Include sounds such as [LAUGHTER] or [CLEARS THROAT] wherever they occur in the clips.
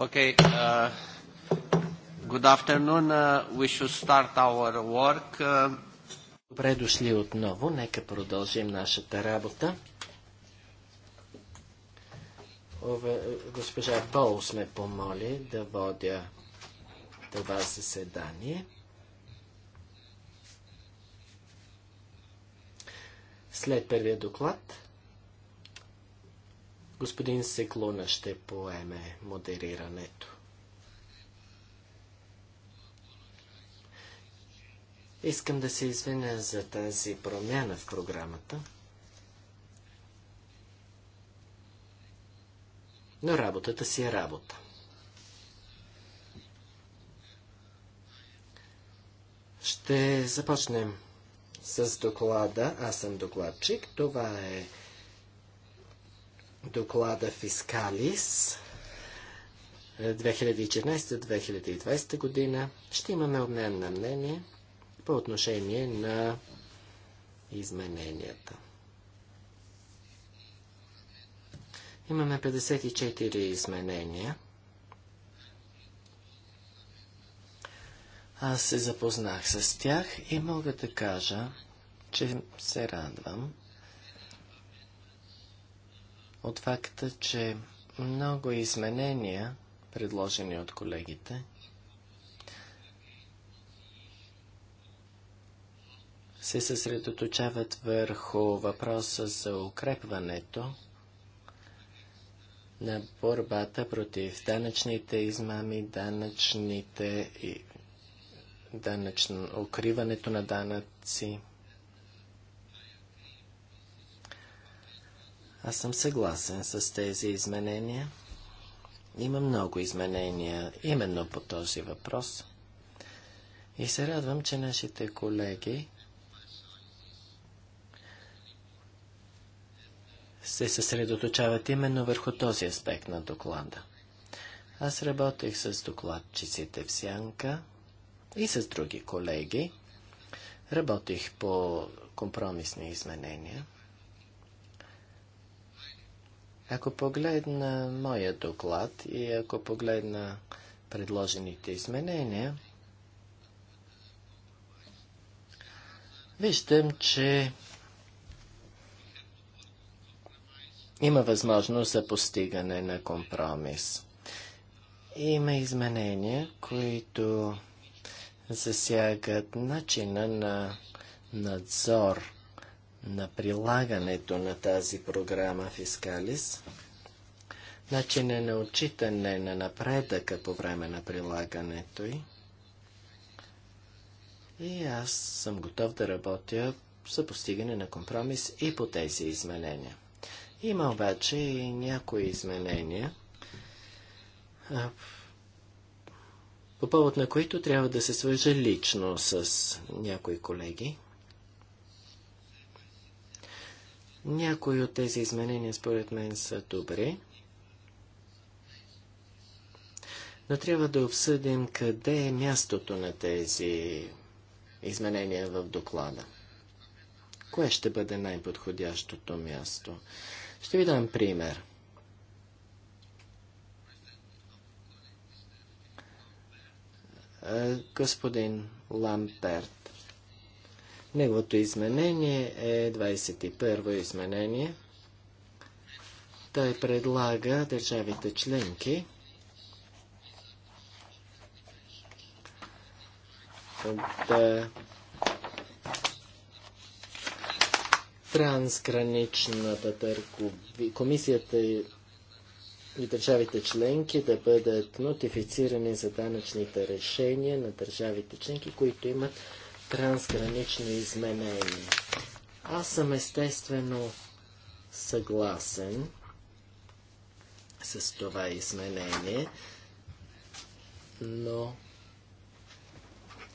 Okay. Uh, good afternoon. Uh, we should start our work. Uh. Добре дошли отново. Нека продължим нашата работа. госпожа Боус ме помоли да водя това заседание. След първия доклад Господин Секлуна ще поеме модерирането. Искам да се извиня за тази промяна в програмата. Но работата си е работа. Ще започнем с доклада. Аз съм докладчик. Това е доклада Фискалис 2014-2020 е, година ще имаме обмен на мнение по отношение на измененията. Имаме 54 изменения. Аз се запознах с тях и мога да кажа, че се радвам, от факта, че много изменения, предложени от колегите, се съсредоточават върху въпроса за укрепването на борбата против данъчните измами, данъчните и данъчно, укриването на данъци. Аз съм съгласен с тези изменения. Има много изменения именно по този въпрос. И се радвам, че нашите колеги се съсредоточават именно върху този аспект на доклада. Аз работех с докладчиците в Сянка и с други колеги. Работих по компромисни изменения. Ако погледна моя доклад и ако погледна предложените изменения, виждам, че има възможност за постигане на компромис. Има изменения, които засягат начина на надзор на прилагането на тази програма Фискалис, начина на отчитане на напредъка по време на прилагането й. И аз съм готов да работя за постигане на компромис и по тези изменения. Има обаче и някои изменения, по повод на които трябва да се свържа лично с някои колеги. Някои от тези изменения според мен са добри, но трябва да обсъдим къде е мястото на тези изменения в доклада. Кое ще бъде най-подходящото място? Ще ви дам пример. Е, господин Ламперт Неговото изменение е 21-во изменение. Той предлага държавите членки да трансграничната търговия, комисията и държавите членки да бъдат нотифицирани за данъчните решения на държавите членки, които имат трансгранично изменение. Аз съм естествено съгласен с това изменение, но,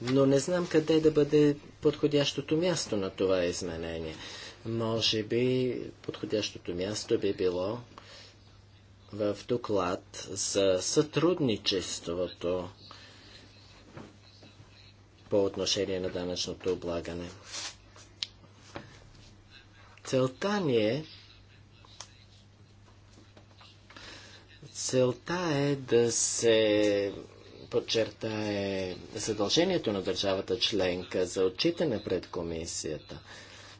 но не знам къде да бъде подходящото място на това изменение. Може би подходящото място би било в доклад за сътрудничеството по отношение на данъчното облагане. Целта ни е Целта е да се подчертае задължението на държавата членка за отчитане пред комисията.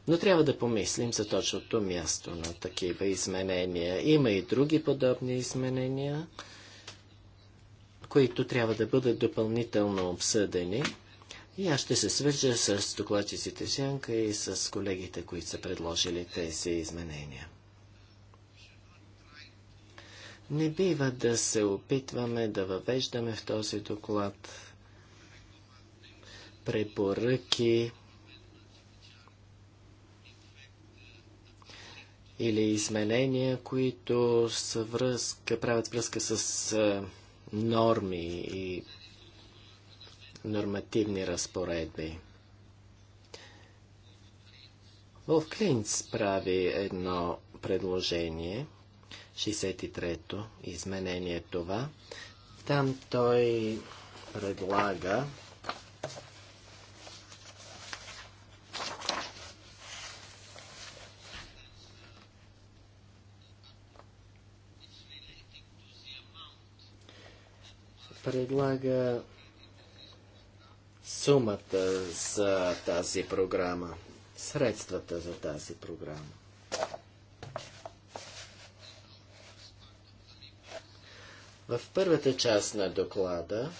Но трябва да помислим за точното място на такива изменения. Има и други подобни изменения, които трябва да бъдат допълнително обсъдени. И аз ще се свържа с докладчиците Женка и с колегите, които са предложили тези изменения. Не бива да се опитваме да въвеждаме в този доклад препоръки или изменения, които са връзка, правят връзка с норми и нормативни разпоредби. Волф Клинц прави едно предложение, 63-то изменение е това. Там той предлага предлага сумата за тази програма, средствата за тази програма. В първата част на доклада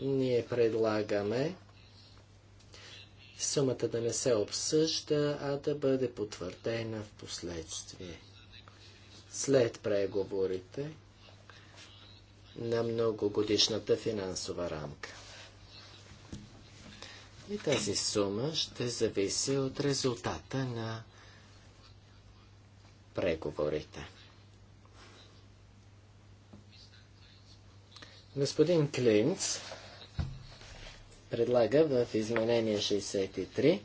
ние предлагаме сумата да не се обсъжда, а да бъде потвърдена в последствие. След преговорите на многогодишната финансова рамка. И тази сума ще зависи от резултата на преговорите. Господин Клинц предлага в изменение 63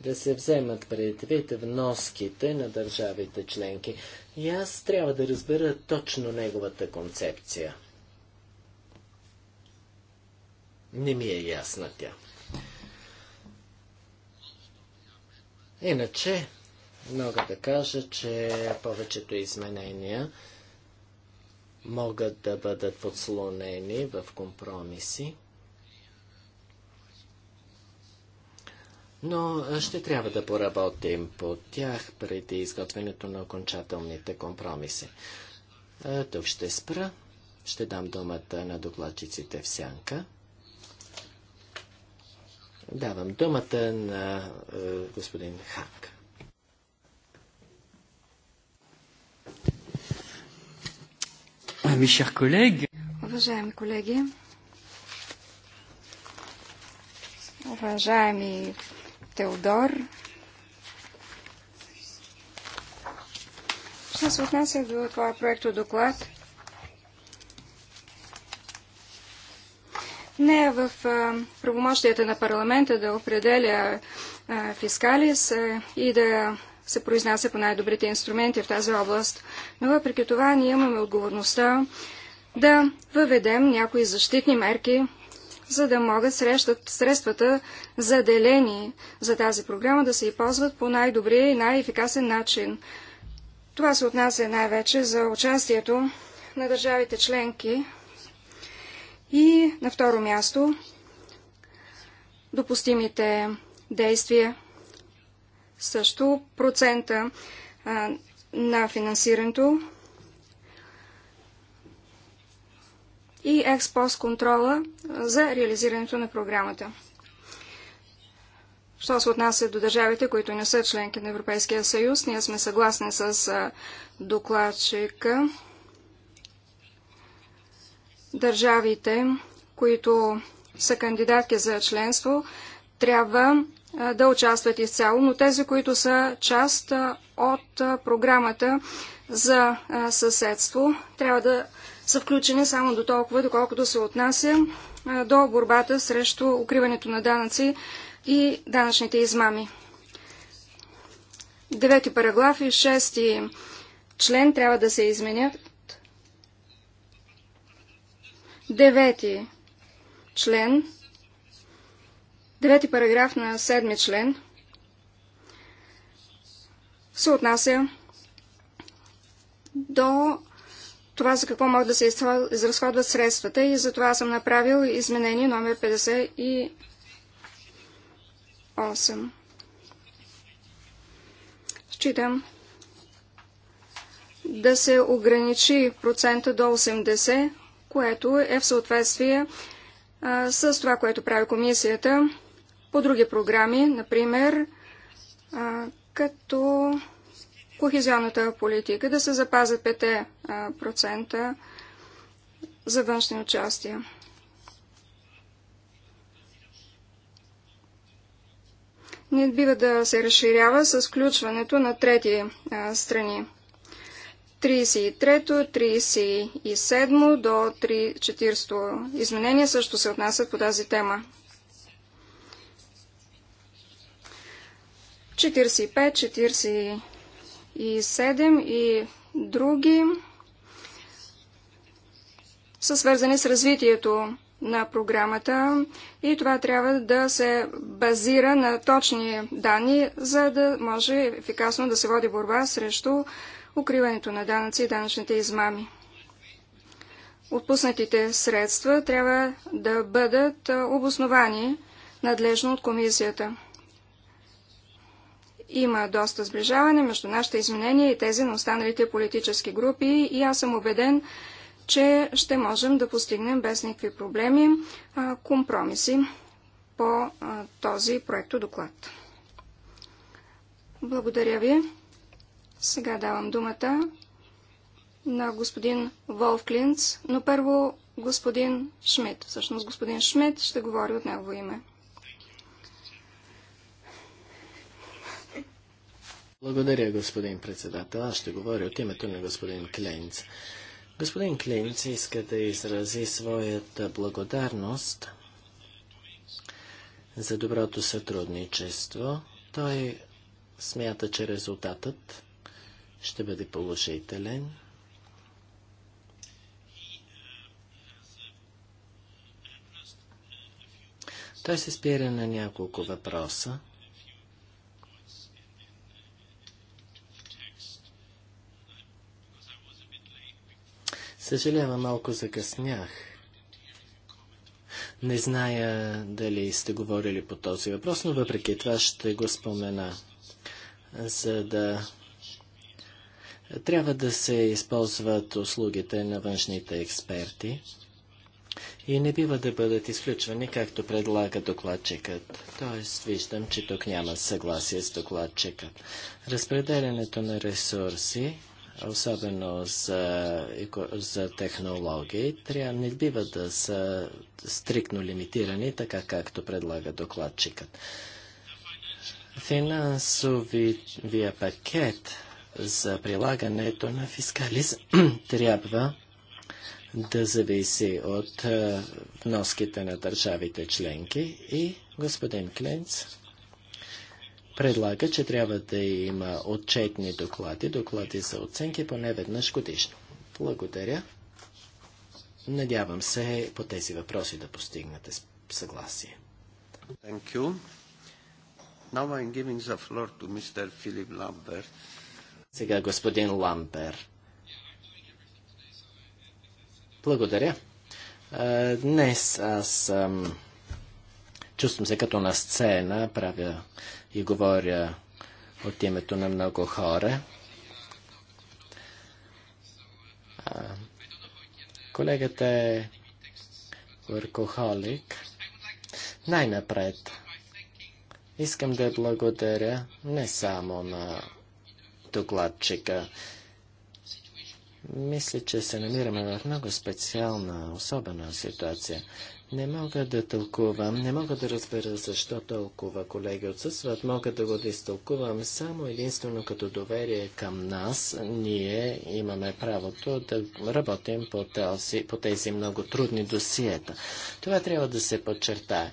да се вземат предвид вноските на държавите членки. И аз трябва да разбера точно неговата концепция. Не ми е ясна тя. Иначе, мога да кажа, че повечето изменения могат да бъдат подслонени в компромиси. Но ще трябва да поработим по тях преди изготвянето на окончателните компромиси. Е, тук ще спра. Ще дам думата на докладчиците в сянка. Давам думата на е, господин Хак. Ами, шер колеги. Уважаеми колеги, уважаеми Теодор, Що се отнася до твоя проекто доклад, Не е в правомощията на парламента да определя фискалис и да се произнася по най-добрите инструменти в тази област, но въпреки това ние имаме отговорността да въведем някои защитни мерки, за да могат срещат средствата заделени за тази програма да се използват по най-добрия и най-ефикасен начин. Това се отнася най-вече за участието на държавите членки и на второ място, допустимите действия, също процента а, на финансирането и експост контрола за реализирането на програмата. Що се отнася до държавите, които не са членки на Европейския съюз, ние сме съгласни с докладчика държавите, които са кандидатки за членство, трябва да участват изцяло, но тези, които са част от програмата за съседство, трябва да са включени само до толкова, доколкото се отнася до борбата срещу укриването на данъци и данъчните измами. Девети параграф и шести член трябва да се изменят Девети член, девети параграф на седми член се отнася до това за какво могат да се изразходват средствата и за това съм направил изменение номер 58. Считам да се ограничи процента до 80 което е в съответствие а, с това, което прави комисията по други програми, например, а, като кохезионната политика, да се запазят 5% за външни участия. Не бива да се разширява с включването на трети а, страни. 33, 37 до 40 изменения също се отнасят по тази тема. 45, 47 и други са свързани с развитието на програмата и това трябва да се базира на точни данни, за да може ефикасно да се води борба срещу укриването на данъци и данъчните измами. Отпуснатите средства трябва да бъдат обосновани надлежно от комисията. Има доста сближаване между нашите изменения и тези на останалите политически групи и аз съм убеден, че ще можем да постигнем без никакви проблеми компромиси по този проекто доклад. Благодаря ви. Сега давам думата на господин Волф Клинц, но първо господин Шмидт. Всъщност господин Шмидт ще говори от негово име. Благодаря, господин председател. Аз ще говоря от името на господин Клинц. Господин Клинц иска да изрази своята благодарност за доброто сътрудничество. Той смята, че резултатът ще бъде положителен. Той се спира на няколко въпроса. Съжалявам, малко закъснях. Не зная дали сте говорили по този въпрос, но въпреки това ще го спомена, за да трябва да се използват услугите на външните експерти и не бива да бъдат изключвани, както предлага докладчикът. Тоест, виждам, че тук няма съгласие с докладчикът. Разпределянето на ресурси, особено за, за технологии, трябва, не бива да са стриктно лимитирани, така както предлага докладчикът. Финансовия пакет за прилагането на фискализъм [CLEARS THROAT] трябва да зависи от вноските на държавите членки и господин Кленц предлага, че трябва да има отчетни доклади, доклади за оценки поне веднъж годишно. Благодаря. Надявам се по тези въпроси да постигнете съгласие. Thank you. Now I'm giving the floor to Mr. Philip Lambert. Сега господин Ламбер. Благодаря. Днес аз чувствам се като на сцена, правя и говоря от името на много хора. колегата е върхохолик. Най-напред искам да благодаря не само на докладчика. Мисля, че се намираме в много специална, особена ситуация. Не мога да тълкувам, не мога да разбера защо толкова колеги отсъстват. Мога да го изтълкувам само единствено като доверие към нас. Ние имаме правото да работим по, по тези много трудни досиета. Това трябва да се подчертае.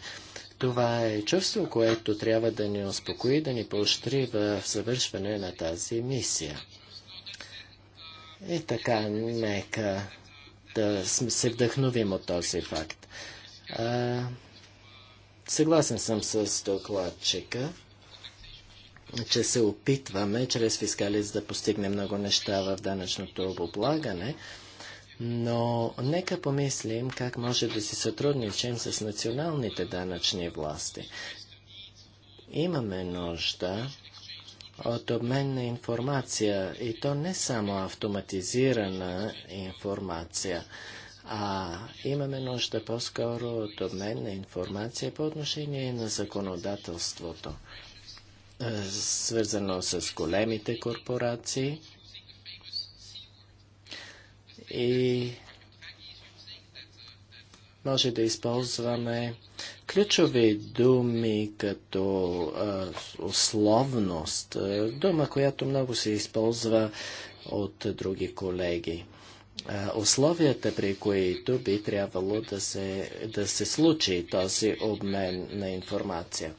Това е чувство, което трябва да ни успокои, да ни поощри в завършване на тази мисия. И така, нека да се вдъхновим от този факт. А, съгласен съм с докладчика, че се опитваме чрез фискалист да постигнем много неща в данъчното облагане, но нека помислим как може да си сътрудничим с националните данъчни власти. Имаме нужда от обмен на информация и то не само автоматизирана информация, а имаме нужда по-скоро от обмен на информация по отношение на законодателството, е, свързано с големите корпорации – и може да използваме ключови думи като а, условност, дума, която много се използва от други колеги. А, условията, при които би трябвало да се, да се случи този обмен на информация.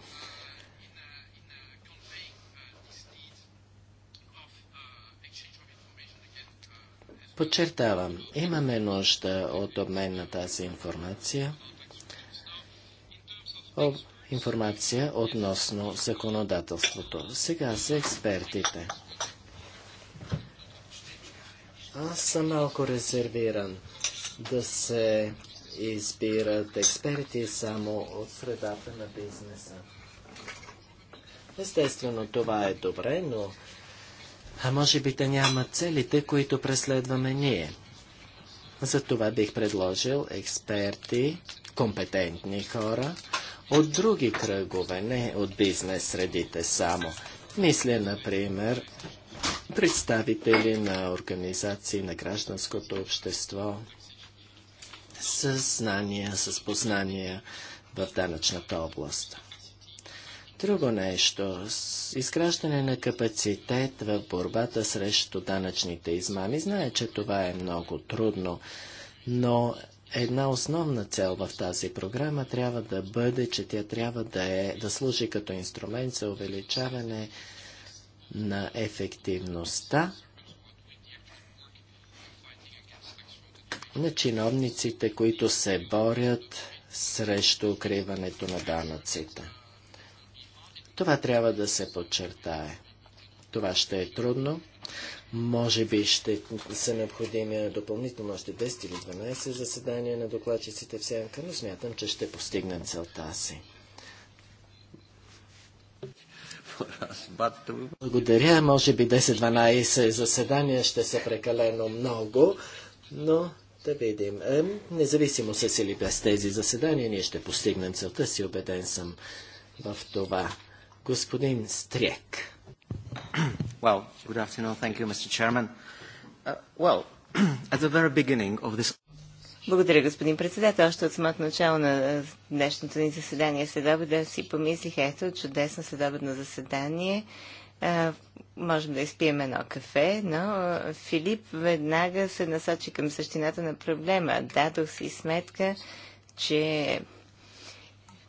Подчертавам, имаме нужда от обмен на тази информация. Об информация относно законодателството. Сега са експертите. Аз съм малко резервиран да се избират експерти само от средата на бизнеса. Естествено, това е добре, но а може би те нямат целите, които преследваме ние. Затова бих предложил експерти, компетентни хора от други кръгове, не от бизнес средите само. Мисля, например, представители на организации на гражданското общество с знания, с познания в данъчната област. Друго нещо. Изграждане на капацитет в борбата срещу данъчните измами. Знае, че това е много трудно, но една основна цел в тази програма трябва да бъде, че тя трябва да, е, да служи като инструмент за увеличаване на ефективността на чиновниците, които се борят срещу укриването на данъците. Това трябва да се подчертае. Това ще е трудно. Може би ще са необходими допълнително още 10 или 12 заседания на докладчиците в сянка, но смятам, че ще постигнат целта си. Благодаря. Може би 10-12 заседания ще са прекалено много, но да видим. Е, независимо с или без тези заседания, ние ще постигнем целта си, убеден съм в това. Господин Стрек. Well, good afternoon. Thank you, Mr. Chairman. Uh, well, [CLEARS THROAT] at the very beginning of this благодаря, господин председател. Още от самото начало на днешното ни заседание да си помислих, ето, чудесно следобедно заседание. А, можем да изпием едно кафе, но Филип веднага се насочи към същината на проблема. Дадох си сметка, че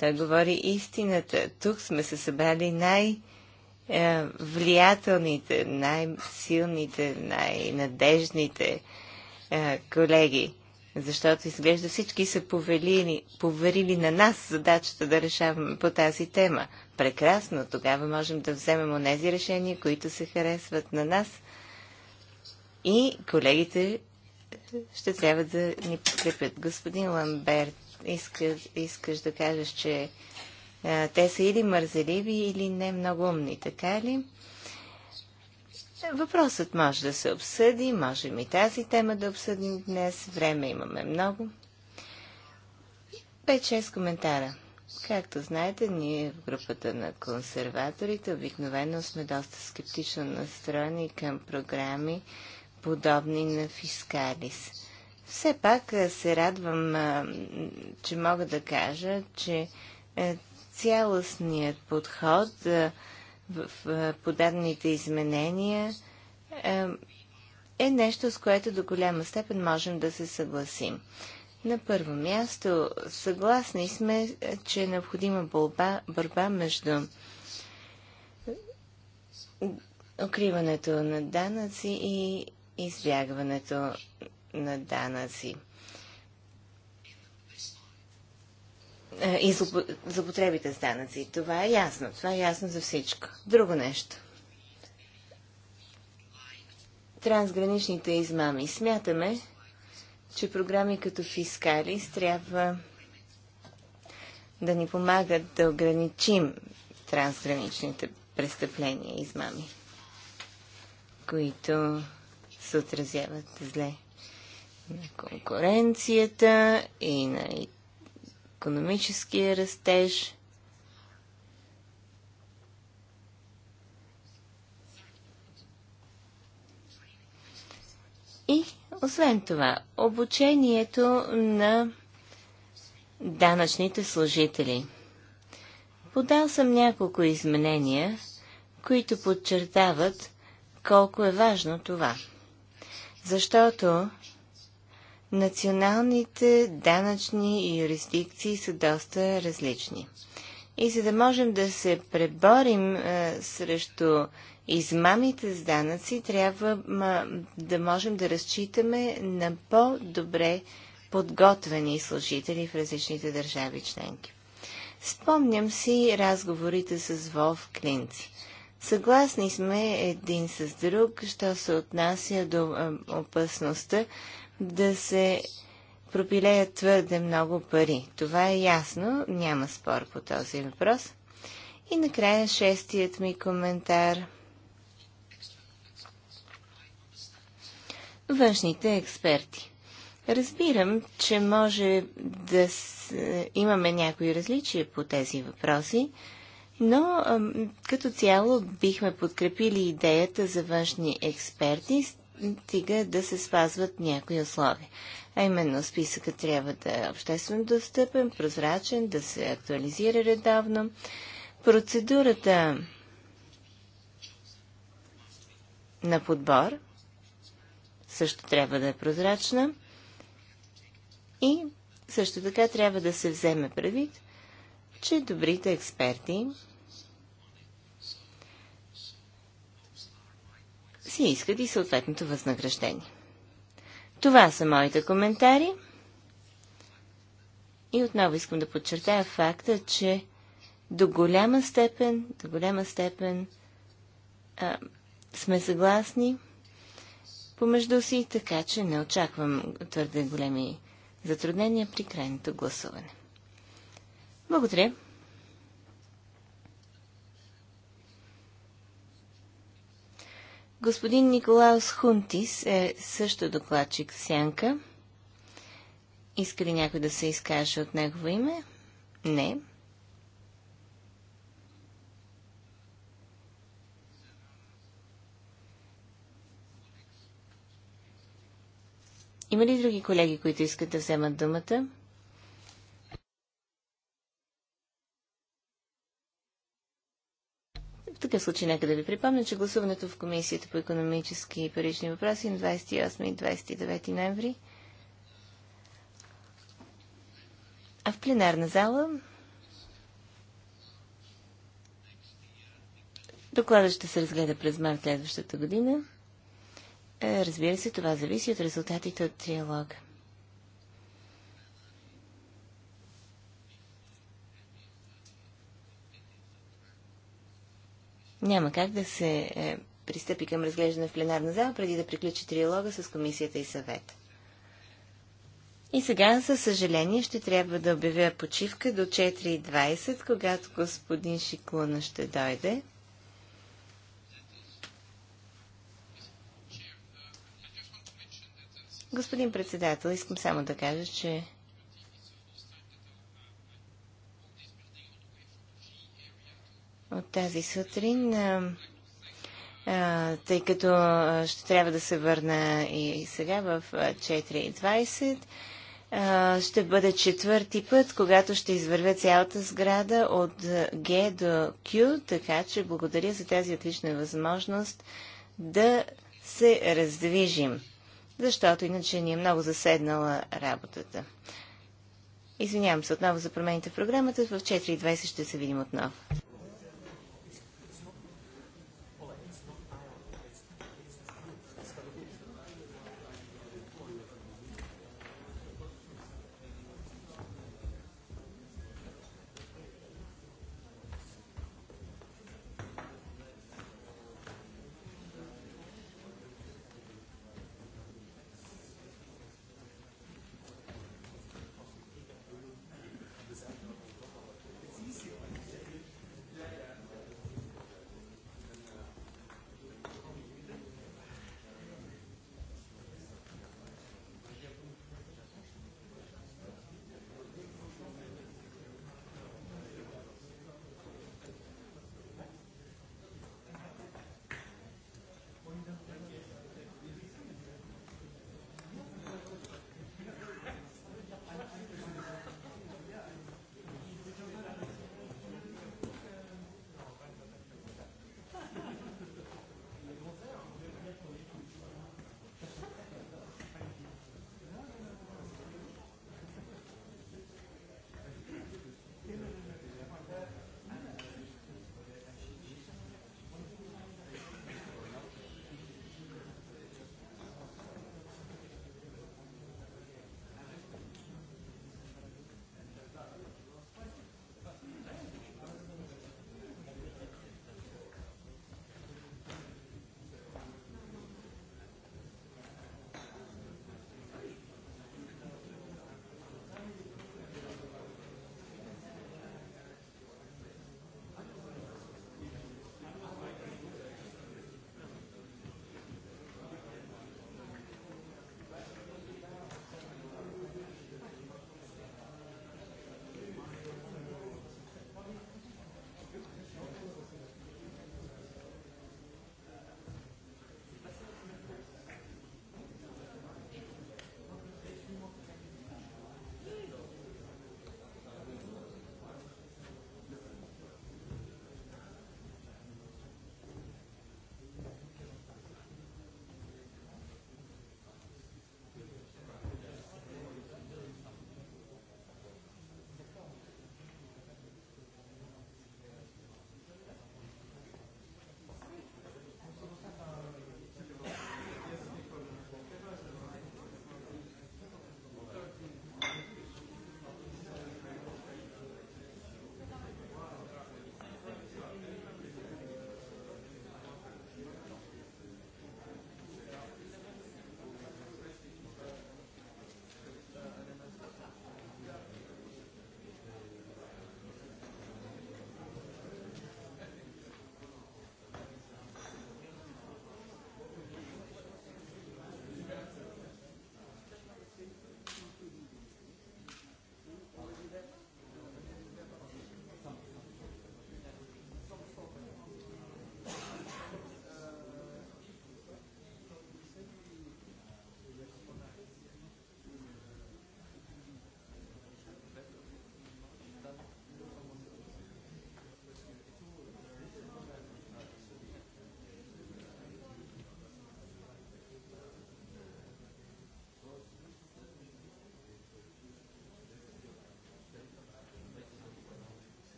той говори истината. Тук сме се събрали най- влиятелните, най-силните, най-надежните е, колеги, защото изглежда всички са повелили, поверили на нас задачата да решаваме по тази тема. Прекрасно, тогава можем да вземем онези решения, които се харесват на нас и колегите ще трябва да ни подкрепят. Господин Ламберт искаш, искаш да кажеш, че а, те са или мързеливи, или не много умни, така ли? Въпросът може да се обсъди, можем и тази тема да обсъдим днес. Време имаме много. 5-6 коментара. Както знаете, ние в групата на консерваторите обикновено сме доста скептично настроени към програми, подобни на фискалис. Все пак се радвам, че мога да кажа, че цялостният подход в подадените изменения е нещо, с което до голяма степен можем да се съгласим. На първо място, съгласни сме, че е необходима борба, борба между укриването на данъци и избягването на данъци. Е, и злопотребите с данъци. Това е ясно. Това е ясно за всичко. Друго нещо. Трансграничните измами. Смятаме, че програми като Фискалис трябва да ни помагат да ограничим трансграничните престъпления и измами, които се отразяват зле на конкуренцията и на економическия растеж. И, освен това, обучението на данъчните служители. Подал съм няколко изменения, които подчертават колко е важно това. Защото националните данъчни юрисдикции са доста различни. И за да можем да се преборим а, е, срещу измамите с данъци, трябва а, да можем да разчитаме на по-добре подготвени служители в различните държави членки. Спомням си разговорите с Волф Клинци. Съгласни сме един с друг, що се отнася до а, е, опасността да се пропилеят твърде много пари. Това е ясно, няма спор по този въпрос. И накрая шестият ми коментар. Външните експерти. Разбирам, че може да с... имаме някои различия по тези въпроси, но като цяло бихме подкрепили идеята за външни експерти с стига да се спазват някои условия. А именно списъкът трябва да е обществено достъпен, прозрачен, да се актуализира редовно. Процедурата на подбор също трябва да е прозрачна и също така трябва да се вземе предвид, че добрите експерти се искат и съответното възнаграждение. Това са моите коментари. И отново искам да подчертая факта, че до голяма степен, до голяма степен а, сме съгласни помежду си, така че не очаквам твърде големи затруднения при крайното гласуване. Благодаря. Господин Николаус Хунтис е също докладчик в Сянка. Иска ли някой да се изкаже от негово име? Не. Има ли други колеги, които искат да вземат думата? такъв случай нека да ви припомня, че гласуването в Комисията по економически и парични въпроси е на 28 и 29 ноември. А в пленарна зала докладът ще се разгледа през март следващата година. Е, разбира се, това зависи от резултатите от триалога. Няма как да се е, пристъпи към разглеждане в пленарна зала, преди да приключи триалога с комисията и съвет. И сега, със съжаление, ще трябва да обявя почивка до 4.20, когато господин Шиклуна ще дойде. Господин председател, искам само да кажа, че от тази сутрин, а, а, тъй като ще трябва да се върна и сега в 4.20. Ще бъде четвърти път, когато ще извървя цялата сграда от Г до Q, така че благодаря за тази отлична възможност да се раздвижим, защото иначе ни е много заседнала работата. Извинявам се отново за промените в програмата. В 4.20 ще се видим отново.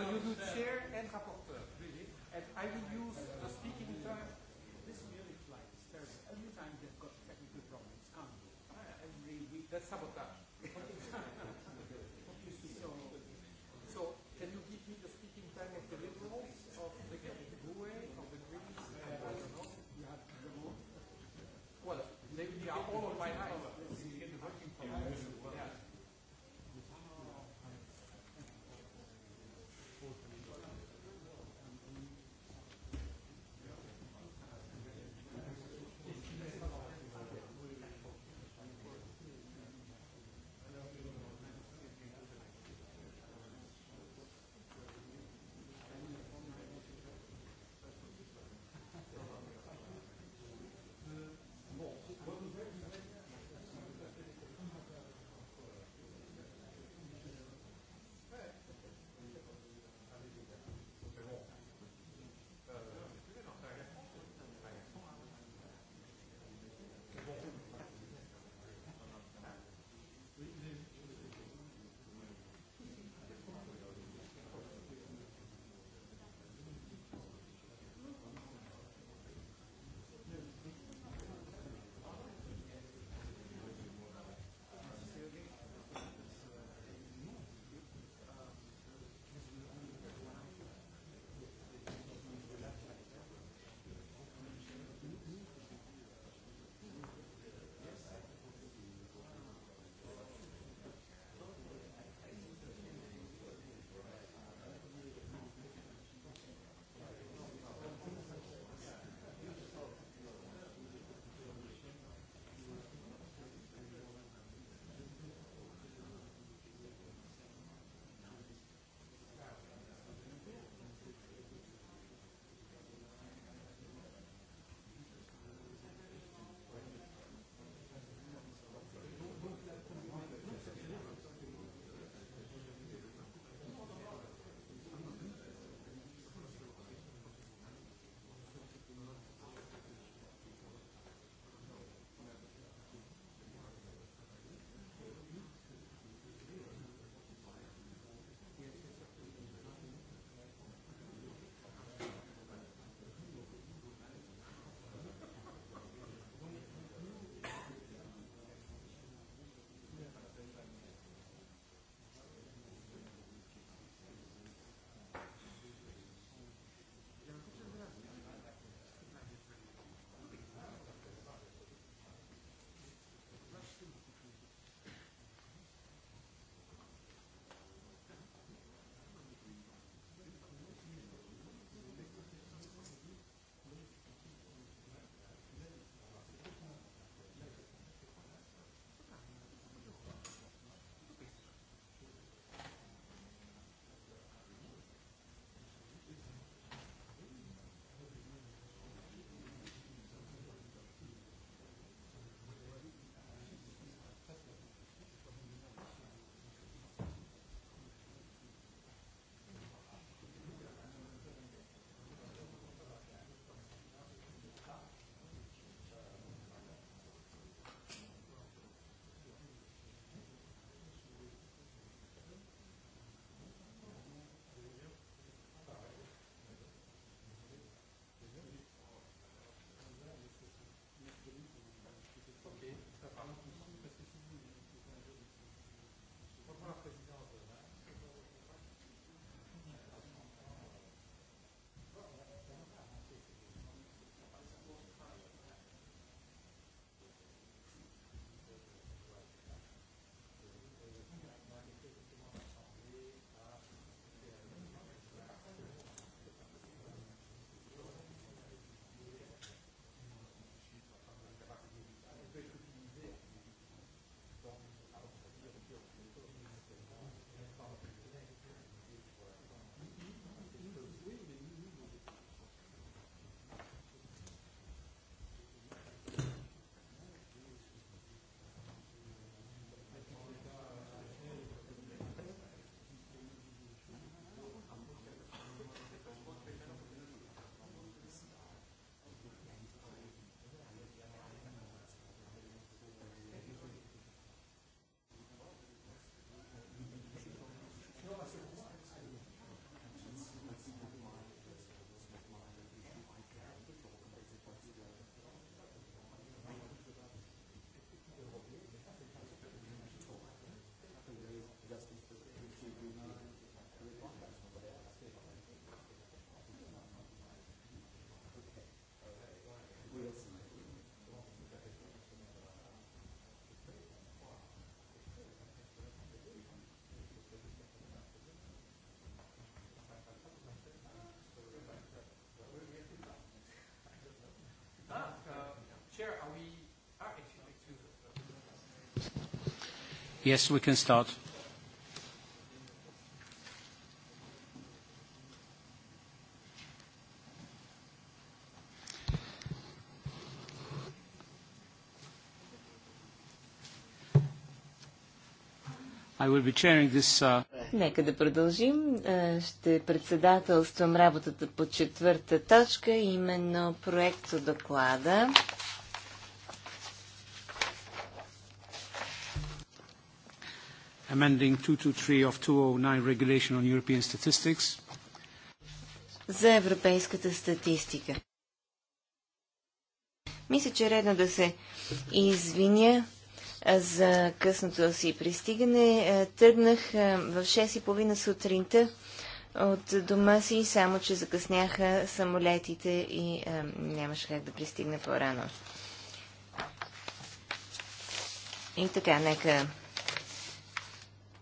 But you do chair and rapporteur, really. And I will use the speaking term. This Munich flight is terrible. Every time they've got technical problems, can't Every week. That's sabotage. Yes, we can start. Uh, Нека да продължим. Е, ще председателствам работата по четвърта точка, именно проекто доклада. amending 223 of 2009 Regulation on European Statistics. За европейската статистика. Мисля, че е редно да се извиня за късното си пристигане. Тръгнах в 6.30 сутринта от дома си, само че закъсняха самолетите и а, нямаше как да пристигна по-рано. И така, нека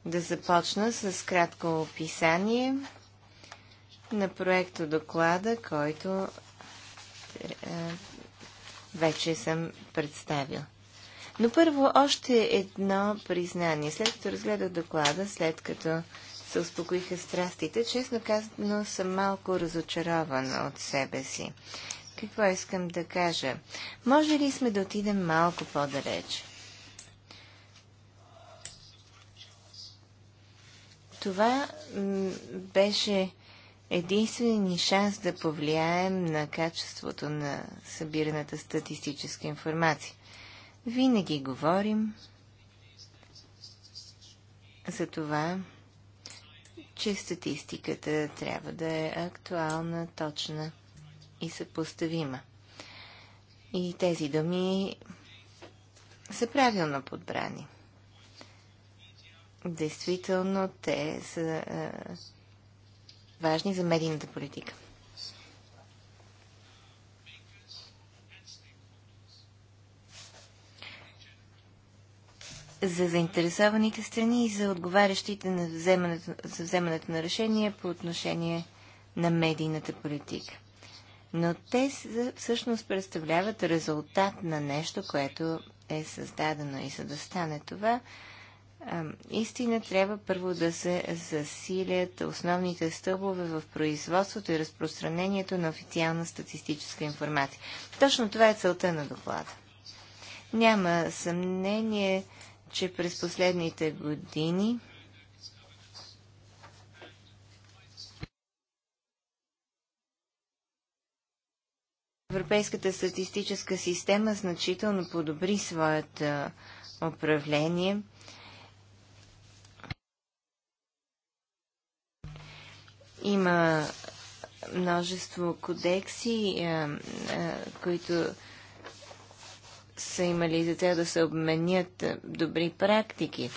да започна с кратко описание на проекто доклада, който е, вече съм представил. Но първо още едно признание. След като разгледах доклада, след като се успокоиха страстите, честно казано съм малко разочарован от себе си. Какво искам да кажа? Може ли сме да отидем малко по-далеч? Това беше единствения ни шанс да повлияем на качеството на събираната статистическа информация. Винаги говорим за това, че статистиката трябва да е актуална, точна и съпоставима. И тези думи са правилно подбрани действително те са а, важни за медийната политика. за заинтересованите страни и за отговарящите на вземането, за вземането на решение по отношение на медийната политика. Но те всъщност представляват резултат на нещо, което е създадено и за да стане това, истина трябва първо да се засилят основните стълбове в производството и разпространението на официална статистическа информация. Точно това е целта на доклада. Няма съмнение, че през последните години Европейската статистическа система значително подобри своето управление Има множество кодекси, е, е, които са имали за цел да се обменят е, добри практики.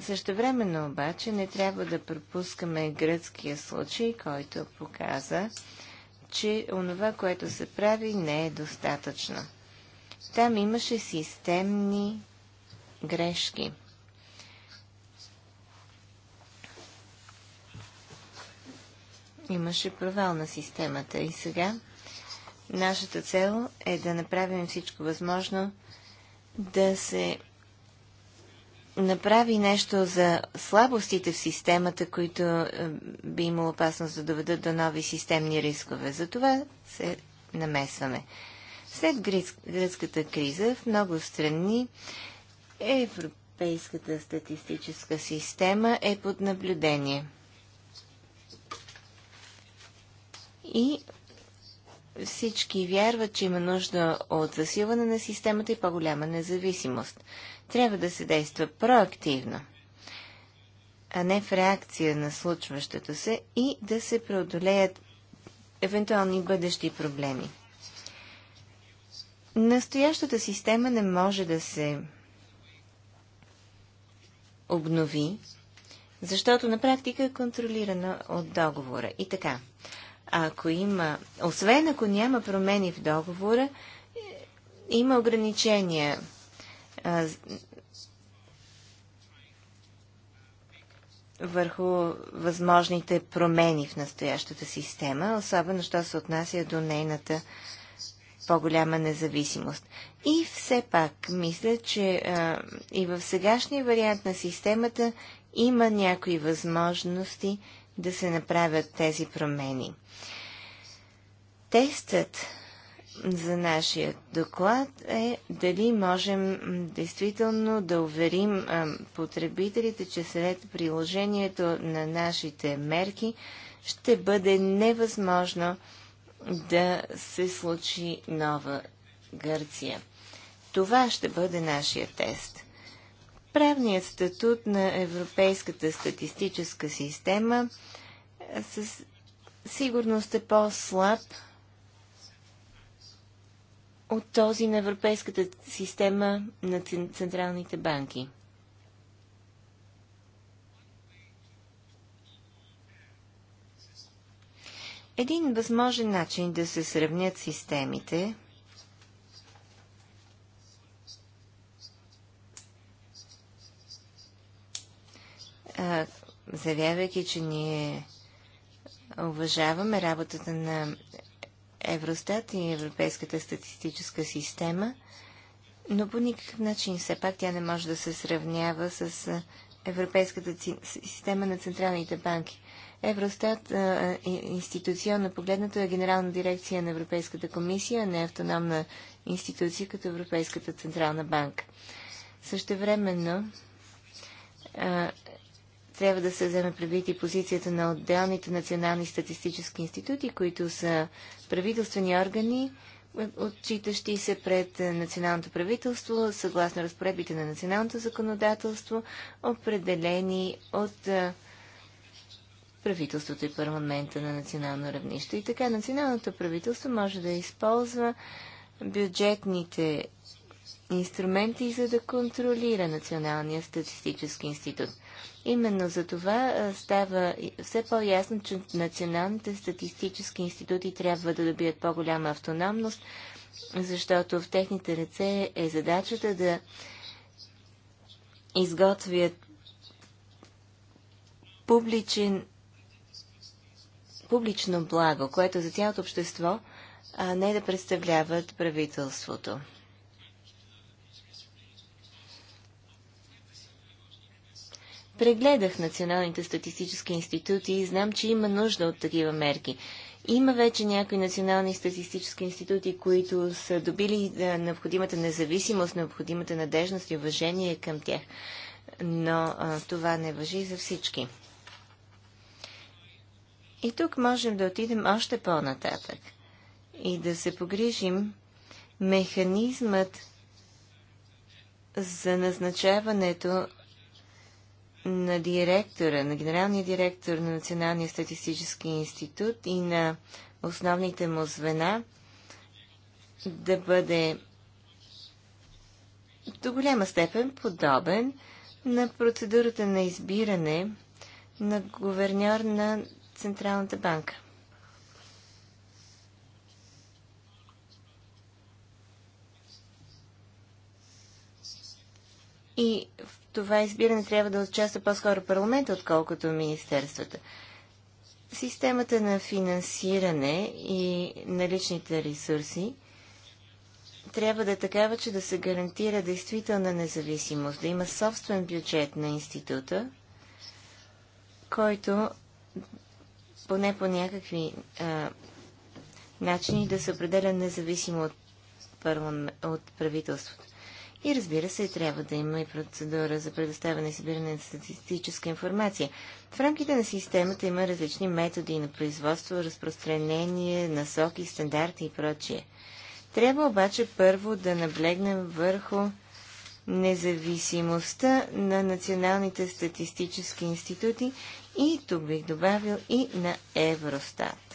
Също времено обаче не трябва да пропускаме гръцкия случай, който показа, че онова, което се прави, не е достатъчно. Там имаше системни грешки – имаше провал на системата. И сега нашата цел е да направим всичко възможно да се направи нещо за слабостите в системата, които е, би имало опасност да доведат до нови системни рискове. Затова се намесваме. След гръцката криза в много страни Европейската статистическа система е под наблюдение – И всички вярват, че има нужда от засилване на системата и по-голяма независимост. Трябва да се действа проактивно, а не в реакция на случващото се и да се преодолеят евентуални бъдещи проблеми. Настоящата система не може да се обнови, защото на практика е контролирана от договора. И така, ако има, освен ако няма промени в договора, има ограничения. върху възможните промени в настоящата система, особено що се отнася до нейната по-голяма независимост. И все пак, мисля, че а, и в сегашния вариант на системата има някои възможности да се направят тези промени. Тестът за нашия доклад е дали можем действително да уверим потребителите, че след приложението на нашите мерки ще бъде невъзможно да се случи нова Гърция. Това ще бъде нашия тест правният статут на Европейската статистическа система със сигурност е по-слаб от този на Европейската система на централните банки. Един възможен начин да се сравнят системите заявявайки, че ние уважаваме работата на Евростат и Европейската статистическа система, но по никакъв начин все пак тя не може да се сравнява с Европейската система на централните банки. Евростат институционно погледнато е генерална дирекция на Европейската комисия, а не е автономна институция като Европейската централна банка. Също времено трябва да се вземе предвид и позицията на отделните национални статистически институти, които са правителствени органи, отчитащи се пред националното правителство, съгласно разпоредбите на националното законодателство, определени от правителството и парламента на национално равнище. И така националното правителство може да използва бюджетните инструменти, за да контролира Националния статистически институт. Именно за това става все по-ясно, че националните статистически институти трябва да добият по-голяма автономност, защото в техните ръце е задачата да изготвят публичен, публично благо, което за цялото общество, а не да представляват правителството. Прегледах националните статистически институти и знам, че има нужда от такива мерки. Има вече някои национални статистически институти, които са добили е, необходимата независимост, необходимата надежност и уважение към тях. Но а, е, това не въжи за всички. И тук можем да отидем още по-нататък и да се погрижим механизмът за назначаването на директора, на генералния директор на Националния статистически институт и на основните му звена да бъде до голяма степен подобен на процедурата на избиране на гуверньор на Централната банка. И в това избиране трябва да участва по-скоро парламента, отколкото министерствата. Системата на финансиране и наличните ресурси трябва да е такава, че да се гарантира действителна независимост, да има собствен бюджет на института, който поне по някакви а, начини да се определя независимо от, от правителството. И разбира се, трябва да има и процедура за предоставяне и събиране на статистическа информация. В рамките на системата има различни методи на производство, разпространение, насоки, стандарти и прочие. Трябва обаче първо да наблегнем върху независимостта на националните статистически институти и тук бих добавил и на Евростат.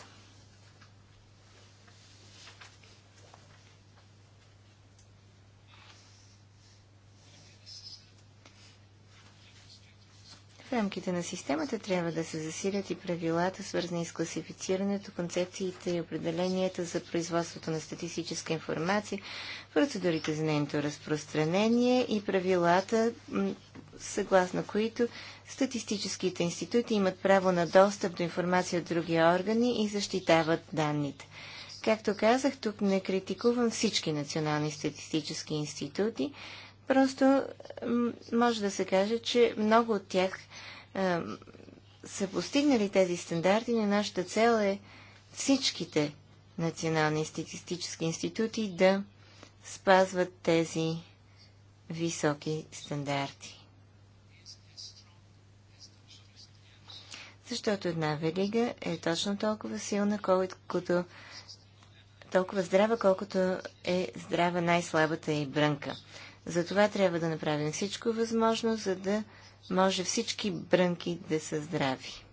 В рамките на системата трябва да се засилят и правилата, свързани с класифицирането, концепциите и определенията за производството на статистическа информация, процедурите за нейното разпространение и правилата, съгласно които статистическите институти имат право на достъп до информация от други органи и защитават данните. Както казах, тук не критикувам всички национални статистически институти, Просто може да се каже, че много от тях е, са постигнали тези стандарти, но нашата цел е всичките национални статистически институти да спазват тези високи стандарти. Защото една велига е точно толкова силна, колкото толкова здрава, колкото е здрава най-слабата и брънка. Затова трябва да направим всичко възможно, за да може всички брънки да са здрави.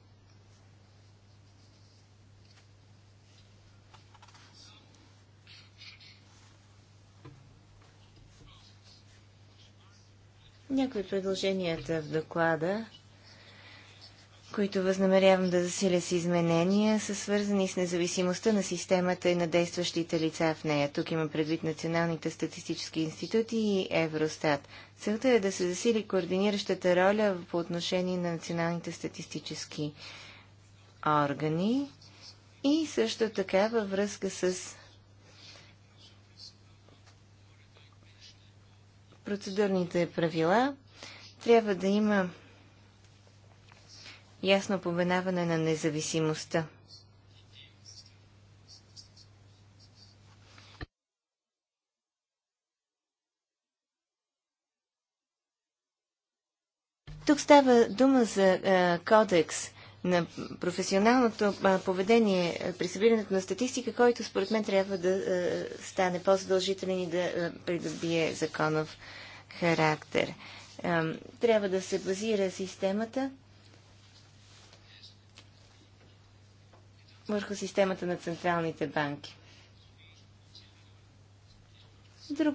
Някои предложенията в доклада които възнамерявам да засиля с изменения, са свързани с независимостта на системата и на действащите лица в нея. Тук има предвид националните статистически институти и Евростат. Целта е да се засили координиращата роля по отношение на националните статистически органи и също така във връзка с процедурните правила трябва да има ясно поменаване на независимостта. Тук става дума за а, е, кодекс на професионалното а, е, поведение е, при събирането на статистика, който според мен трябва да а, стане по-задължителен и да а, придобие законов характер. А, трябва да се базира системата върху системата на централните банки. Друг,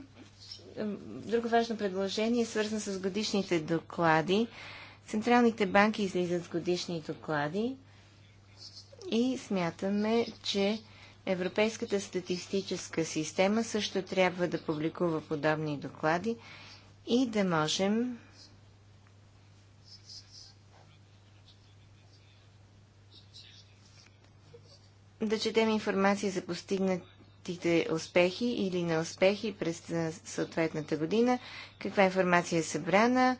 друго важно предложение е свързано с годишните доклади. Централните банки излизат с годишни доклади и смятаме, че Европейската статистическа система също трябва да публикува подобни доклади и да можем да четем информация за постигнатите успехи или неуспехи през съответната година, каква информация е събрана,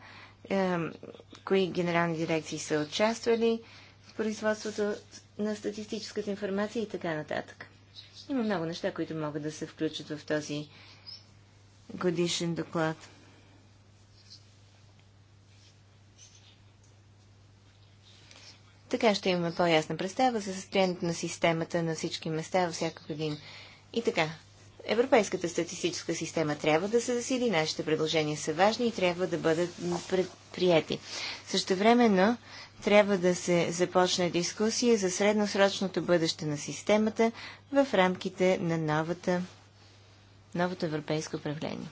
кои генерални дирекции са участвали в производството на статистическата информация и така нататък. Има много неща, които могат да се включат в този годишен доклад. Така ще имаме по-ясна представа за състоянието на системата на всички места във всяка година. И така, Европейската статистическа система трябва да се засили, нашите предложения са важни и трябва да бъдат предприяти. Също времено трябва да се започне дискусия за средносрочното бъдеще на системата в рамките на новата, новото европейско управление.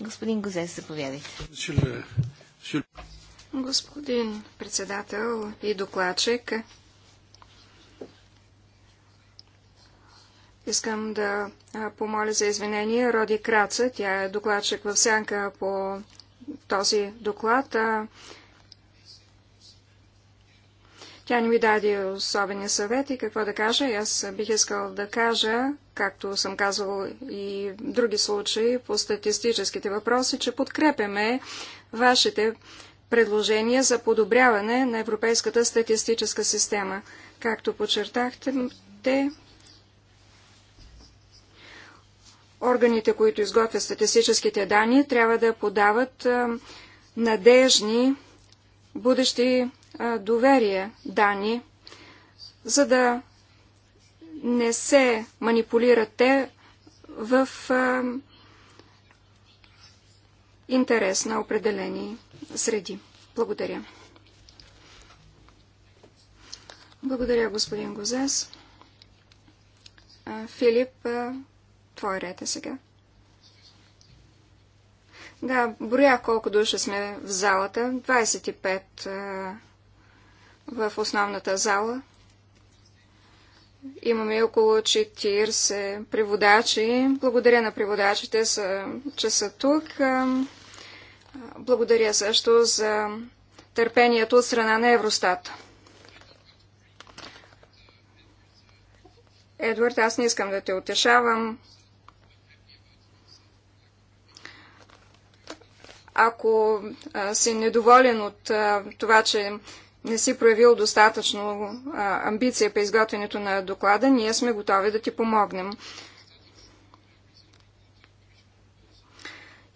Господин Гозе, заповядайте. Господин председател и докладчик, искам да помоля за извинение Роди Краца. Тя е докладчик в сянка по този доклад. Тя не ми даде особени съвети какво да кажа. Аз бих искал да кажа, както съм казвал и в други случаи по статистическите въпроси, че подкрепяме вашите предложения за подобряване на европейската статистическа система. Както подчертахте, те органите, които изготвят статистическите данни, трябва да подават надежни, будещи доверие дани, за да не се манипулират те в а, интерес на определени среди. Благодаря. Благодаря, господин Гозес. Филип, твой ред е сега. Да, броя колко души сме в залата. 25 в основната зала. Имаме около 40 преводачи. Благодаря на преводачите, че са тук. Благодаря също за търпението от страна на Евростат. Едвард, аз не искам да те утешавам. Ако си недоволен от това, че не си проявил достатъчно а, амбиция при изготвянето на доклада, ние сме готови да ти помогнем.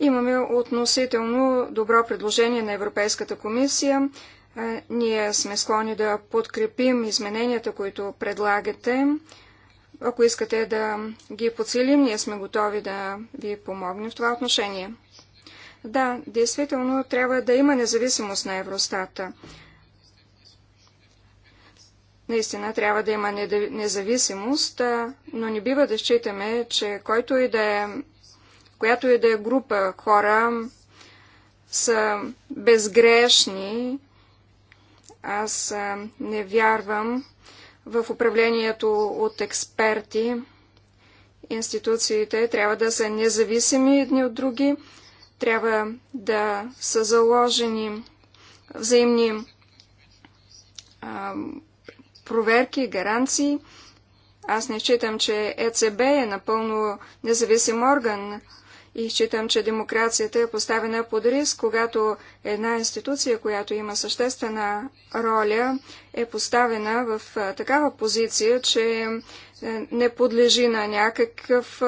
Имаме относително добро предложение на Европейската комисия. А, ние сме склонни да подкрепим измененията, които предлагате. Ако искате да ги подсилим, ние сме готови да ви помогнем в това отношение. Да, действително трябва да има независимост на Евростата. Наистина трябва да има независимост, но не бива да считаме, че който и да е, която и да е група хора са безгрешни. Аз не вярвам в управлението от експерти. Институциите трябва да са независими едни от други, трябва да са заложени взаимни проверки, гаранции. Аз не считам, че ЕЦБ е напълно независим орган и считам, че демокрацията е поставена под риск, когато една институция, която има съществена роля, е поставена в такава позиция, че е, не подлежи на някакъв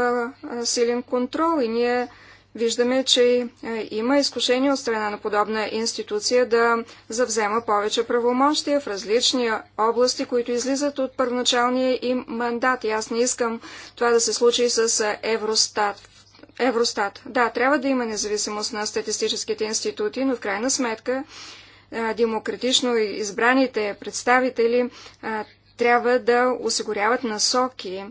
силен контрол и ние виждаме, че е, има изкушение от страна на подобна институция да завзема повече правомощия в различни области, които излизат от първоначалния им мандат. И аз не искам това да се случи с е, Евростат. Евростат. Да, трябва да има независимост на статистическите институти, но в крайна сметка е, демократично избраните представители трябва да осигуряват насоки,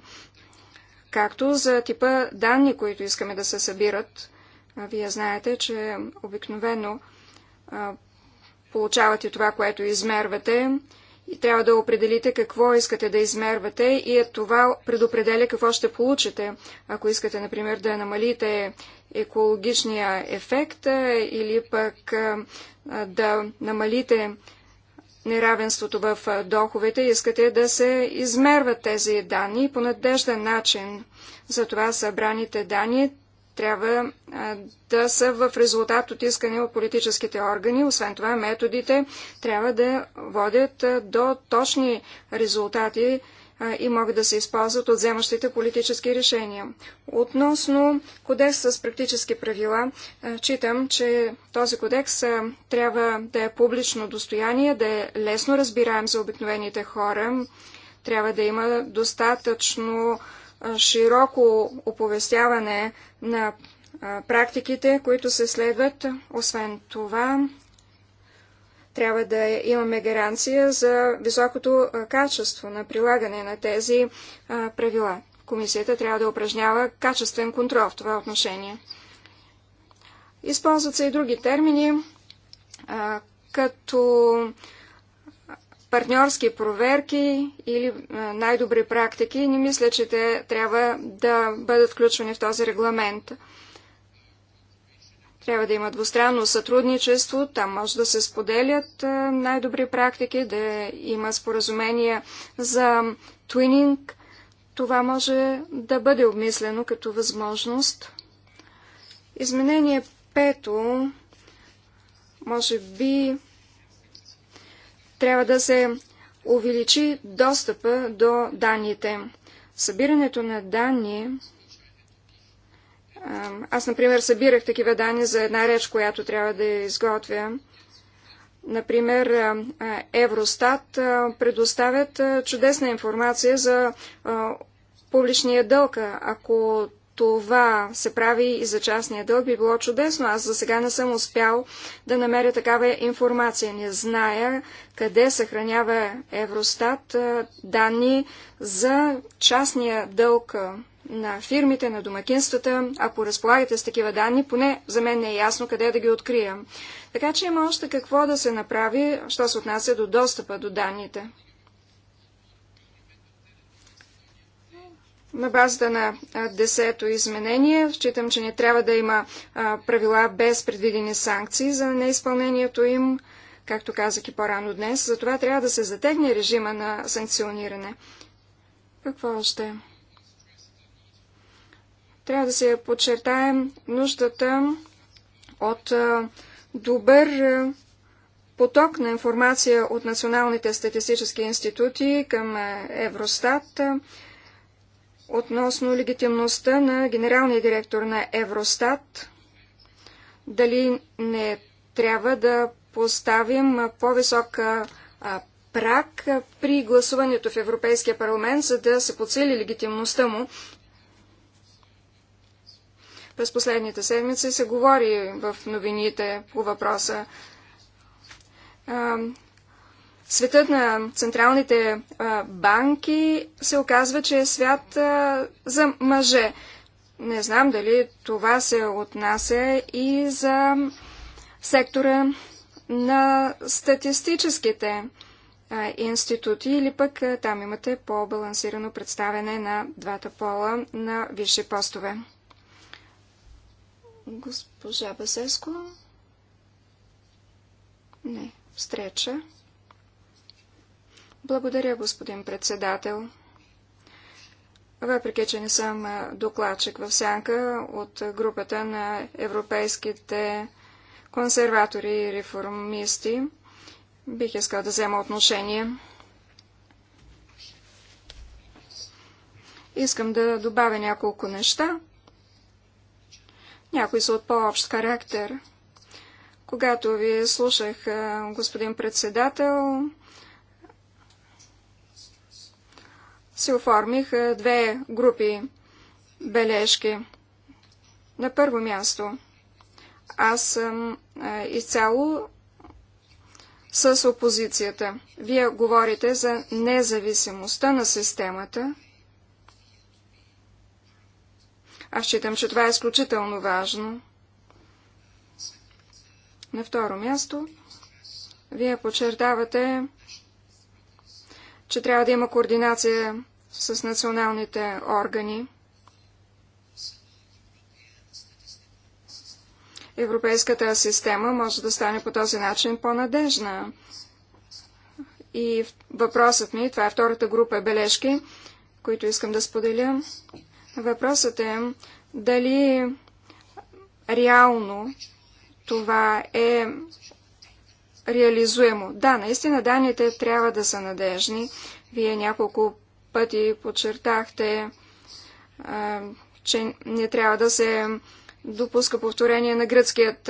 както за типа данни, които искаме да се събират, вие знаете, че обикновено получавате това, което измервате и трябва да определите какво искате да измервате и е това предопределя какво ще получите. Ако искате, например, да намалите екологичния ефект или пък да намалите неравенството в доховете, искате да се измерват тези данни по надежден начин. Затова събраните данни трябва да са в резултат от искане от политическите органи. Освен това, методите трябва да водят до точни резултати и могат да се използват от вземащите политически решения. Относно кодекс с практически правила, читам, че този кодекс трябва да е публично достояние, да е лесно разбираем за обикновените хора, трябва да има достатъчно широко оповестяване на практиките, които се следват. Освен това, трябва да имаме гаранция за високото качество на прилагане на тези правила. Комисията трябва да упражнява качествен контрол в това отношение. Използват се и други термини, като партньорски проверки или най-добри практики, не мисля, че те трябва да бъдат включвани в този регламент. Трябва да има двустранно сътрудничество, там може да се споделят най-добри практики, да има споразумения за твининг. Това може да бъде обмислено като възможност. Изменение пето може би трябва да се увеличи достъпа до данните. Събирането на данни аз, например, събирах такива данни за една реч, която трябва да изготвя. Например, Евростат предоставят чудесна информация за публичния дълг. Ако това се прави и за частния дълг, би било чудесно. Аз за сега не съм успял да намеря такава информация. Не зная къде съхранява Евростат данни за частния дълг на фирмите, на домакинствата. Ако разполагате с такива данни, поне за мен не е ясно къде да ги открия. Така че има още какво да се направи, що се отнася до достъпа до данните. На базата на десето изменение, считам, че не трябва да има правила без предвидени санкции за неизпълнението им, както казах и по-рано днес. Затова трябва да се затегне режима на санкциониране. Какво още? Трябва да се подчертаем нуждата от добър поток на информация от националните статистически институти към Евростат относно легитимността на генералния директор на Евростат. Дали не трябва да поставим по-висок прак при гласуването в Европейския парламент, за да се подсили легитимността му. През последните седмици се говори в новините по въпроса. Светът на централните банки се оказва, че е свят за мъже. Не знам дали това се отнася и за сектора на статистическите институти или пък там имате по-балансирано представяне на двата пола на висши постове. Госпожа Басеско? Не, встреча. Благодаря, господин председател. Въпреки, че не съм докладчик в сянка от групата на европейските консерватори и реформисти, бих искал да взема отношение. Искам да добавя няколко неща. Някои са от по-общ характер. Когато ви слушах, господин председател, си оформих е, две групи бележки. На първо място, аз съм е, изцяло с опозицията. Вие говорите за независимостта на системата. Аз считам, че това е изключително важно. На второ място, вие подчертавате, че трябва да има координация с националните органи. Европейската система може да стане по този начин по-надежна. И въпросът ми, това е втората група бележки, които искам да споделя. Въпросът е дали реално това е реализуемо. Да, наистина данните трябва да са надежни. Вие няколко пъти подчертахте, че не трябва да се допуска повторение на гръцкият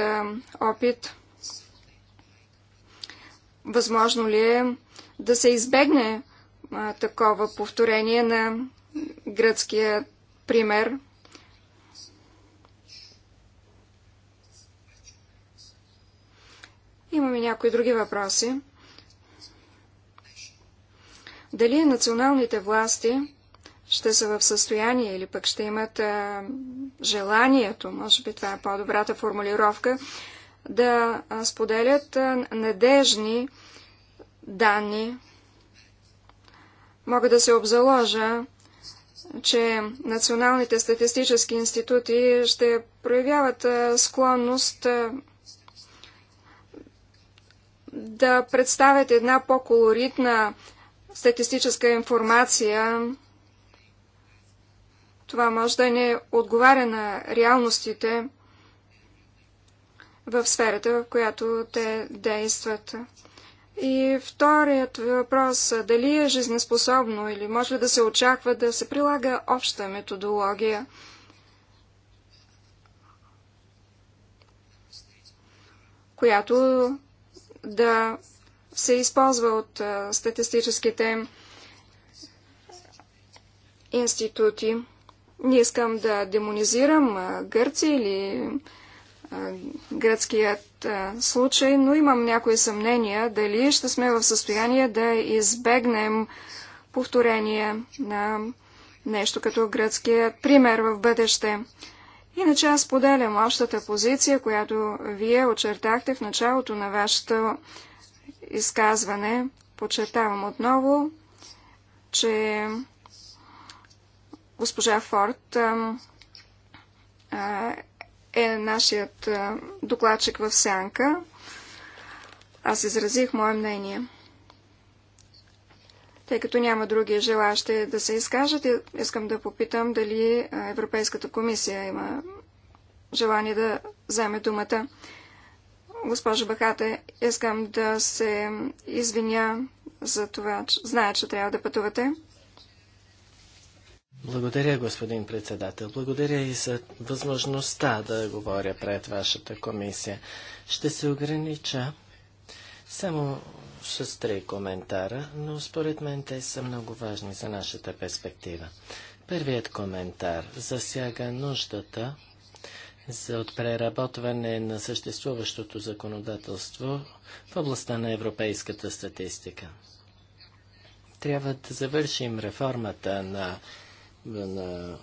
опит. Възможно ли е да се избегне такова повторение на гръцкия пример? Имаме някои други въпроси. Дали националните власти ще са в състояние или пък ще имат а, желанието, може би това е по-добрата формулировка, да споделят а, надежни данни. Мога да се обзаложа, че националните статистически институти ще проявяват а, склонност а, да представят една по-колоритна статистическа информация. Това може да не отговаря на реалностите в сферата, в която те действат. И вторият въпрос – дали е жизнеспособно или може ли да се очаква да се прилага обща методология? която да се използва от статистическите институти. Не искам да демонизирам гърци или гръцкият случай, но имам някои съмнения дали ще сме в състояние да избегнем повторение на нещо като гръцкият пример в бъдеще. Иначе аз поделям общата позиция, която вие очертахте в началото на вашето изказване подчертавам отново, че госпожа Форд е нашият докладчик в сянка. Аз изразих мое мнение. Тъй като няма други желащи да се изкажат, искам да попитам дали Европейската комисия има желание да вземе думата. Госпожо Бахате, искам да се извиня за това, че зная, че трябва да пътувате. Благодаря, господин председател. Благодаря и за възможността да говоря пред вашата комисия. Ще се огранича само с три коментара, но според мен те са много важни за нашата перспектива. Първият коментар засяга нуждата за от преработване на съществуващото законодателство в областта на европейската статистика. Трябва да завършим реформата на, на,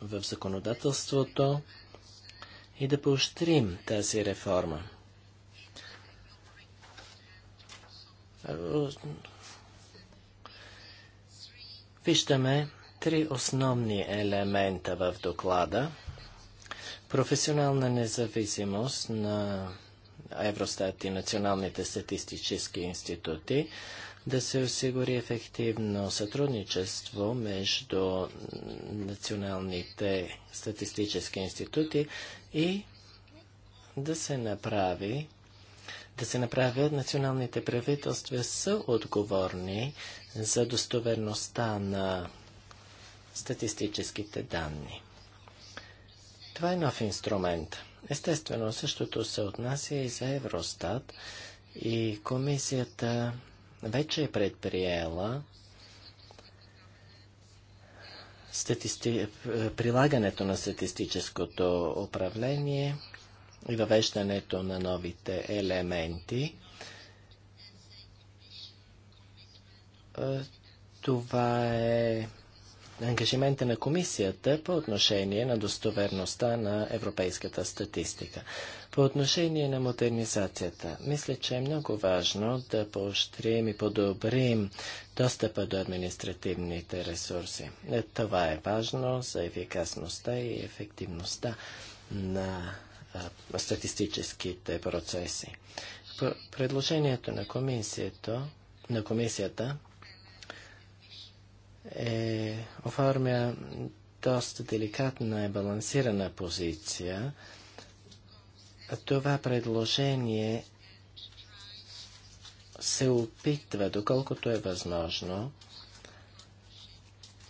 в законодателството и да поощрим тази реформа. Виждаме три основни елемента в доклада – Професионална независимост на Евростат и националните статистически институти да се осигури ефективно сътрудничество между националните статистически институти и да се направи да се направят националните правителства са отговорни за достоверността на статистическите данни. Това е нов инструмент. Естествено, същото се отнася и за Евростат и комисията вече е предприела статисти... прилагането на статистическото управление и въвеждането на новите елементи. Е, това е ангажимента на комисията по отношение на достоверността на европейската статистика. По отношение на модернизацията, мисля, че е много важно да поощрим и подобрим достъпа до административните ресурси. Е, това е важно за ефикасността и ефективността на статистическите процеси. предложението на комисията, на комисията е, оформя доста деликатна и е балансирана позиция. Това предложение се опитва, доколкото е възможно,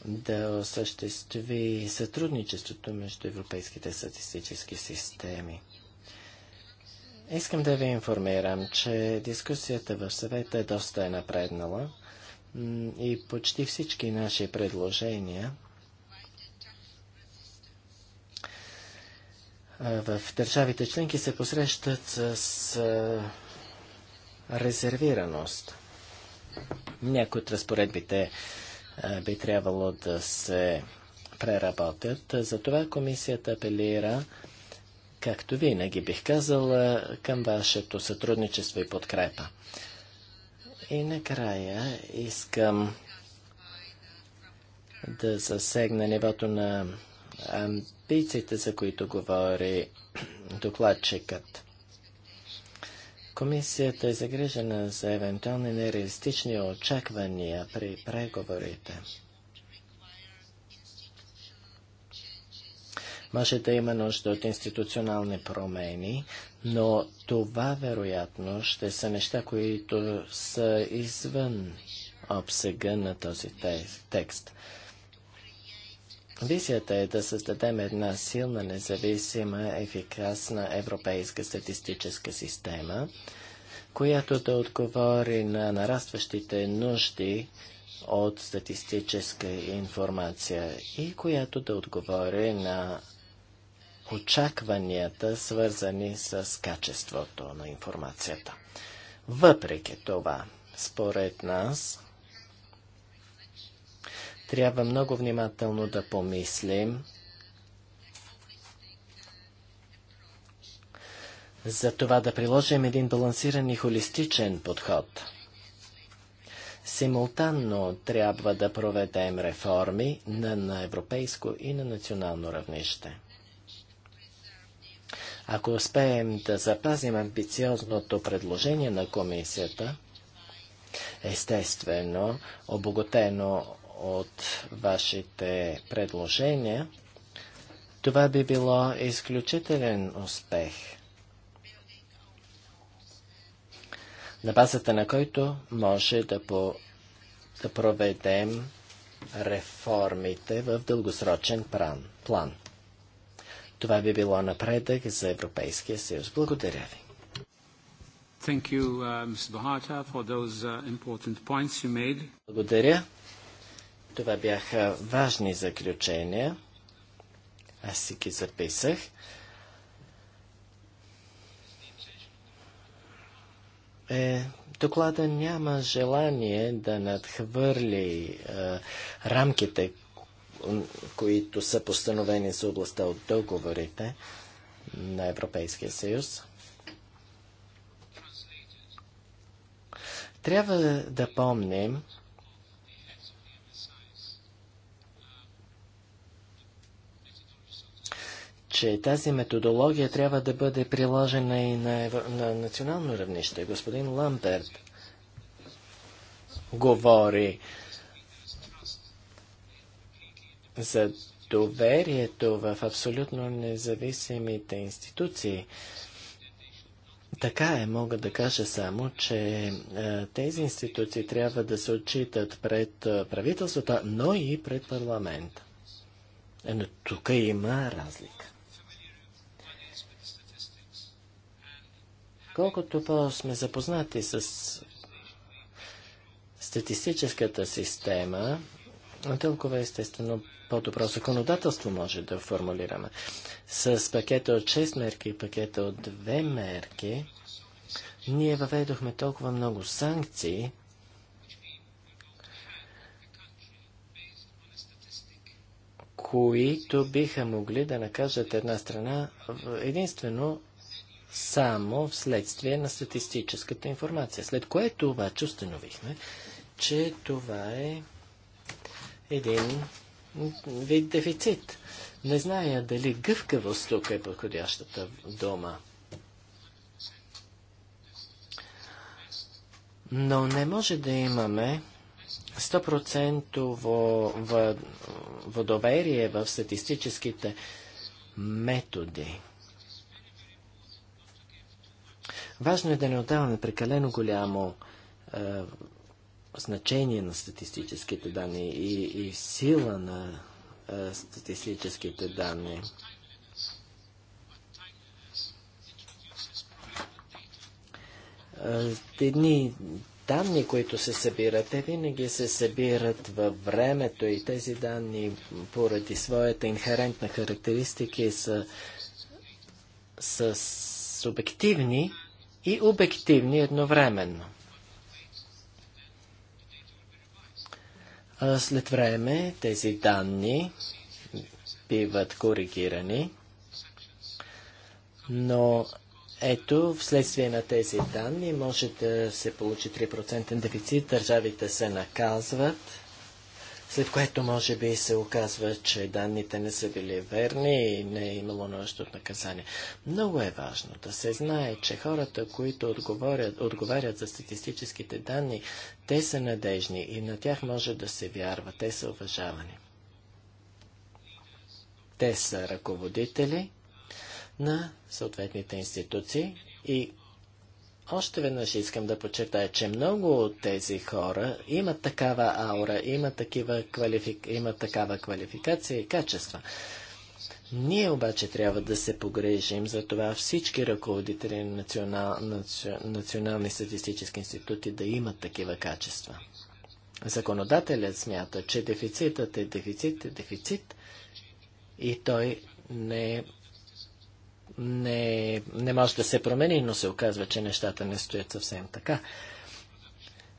да осъществи сътрудничеството между европейските статистически системи. Искам да ви информирам, че дискусията в съвета е доста е напреднала и почти всички наши предложения в държавите членки се посрещат с резервираност. Някои от разпоредбите би трябвало да се преработят. Затова комисията апелира, както винаги бих казала, към вашето сътрудничество и подкрепа. И накрая искам да засегна нивото на амбициите, за които говори докладчикът. Комисията е загрижена за евентуални нереалистични очаквания при преговорите. Може да има нужда от институционални промени, но това вероятно ще са неща, които са извън обсега на този текст. Визията е да създадем една силна, независима, ефикасна европейска статистическа система, която да отговори на нарастващите нужди от статистическа информация и която да отговори на очакванията, свързани с качеството на информацията. Въпреки това, според нас, трябва много внимателно да помислим за това да приложим един балансиран и холистичен подход. Симултанно трябва да проведем реформи на, на европейско и на национално равнище. Ако успеем да запазим амбициозното предложение на комисията, естествено, обогатено от вашите предложения, това би било изключителен успех, на базата на който може да, по, да проведем реформите в дългосрочен план. Това би било напредък за Европейския съюз. Благодаря ви. Thank you, uh, Bahata, for those uh, important points you made. Благодаря. Това бяха важни заключения. Аз си ги записах. Е, доклада няма желание да надхвърли е, рамките, които са постановени за областта от договорите на Европейския съюз. Трябва да помним, че тази методология трябва да бъде приложена и на, на национално равнище. Господин Ламберт говори за доверието в абсолютно независимите институции. Така е, мога да кажа само, че е, тези институции трябва да се отчитат пред е, правителството, но и пред парламент. Е, но тук има разлика. Колкото по-сме запознати с статистическата система, толкова естествено по-добро законодателство може да формулираме. С пакета от 6 мерки и пакета от 2 мерки, ние въведохме толкова много санкции, които биха могли да накажат една страна единствено само вследствие на статистическата информация. След което обаче установихме, че това е един вид дефицит. Не зная дали гъвкавост тук е подходящата дума. Но не може да имаме 100% доверие в статистическите методи. Важно е да не отдаваме прекалено голямо е, значение на статистическите данни и, и сила на а, статистическите данни. Едни данни, които се събират, те винаги се събират във времето и тези данни поради своята инхерентна характеристика, са, са субективни и обективни едновременно. След време тези данни биват коригирани, но ето, вследствие на тези данни може да се получи 3% дефицит, държавите се наказват след което може би се оказва, че данните не са били верни и не е имало нужда от наказание. Много е важно да се знае, че хората, които отговорят, отговарят за статистическите данни, те са надежни и на тях може да се вярва, те са уважавани. Те са ръководители на съответните институции и още веднъж искам да подчертая, че много от тези хора имат такава аура, имат, такива квалифи... имат такава квалификация и качества. Ние обаче трябва да се погрежим за това всички ръководители на национал... наци... национални статистически институти да имат такива качества. Законодателят смята, че дефицитът е дефицит, е дефицит и той не е не, не може да се промени, но се оказва, че нещата не стоят съвсем така.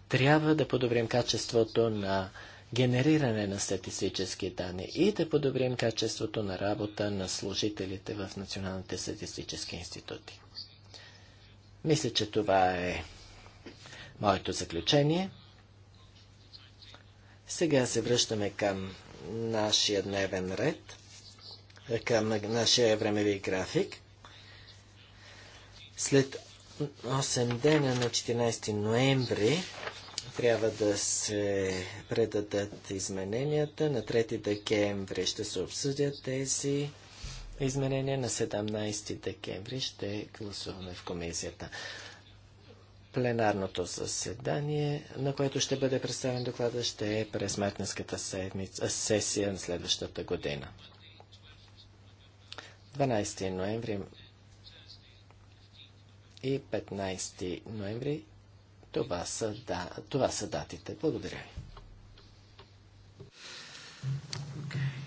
Трябва да подобрим качеството на генериране на статистически данни и да подобрим качеството на работа на служителите в националните статистически институти. Мисля, че това е моето заключение. Сега се връщаме към нашия дневен ред, към нашия времеви график. След 8 дена на 14 ноември трябва да се предадат измененията. На 3 декември ще се обсъдят тези изменения. На 17 декември ще гласуваме в комисията. Пленарното заседание, на което ще бъде представен доклада, ще е през мартинската седмица, сесия на следващата година. 12 ноември и 15 ноември. Това са, да, това са датите. Благодаря ви. Okay.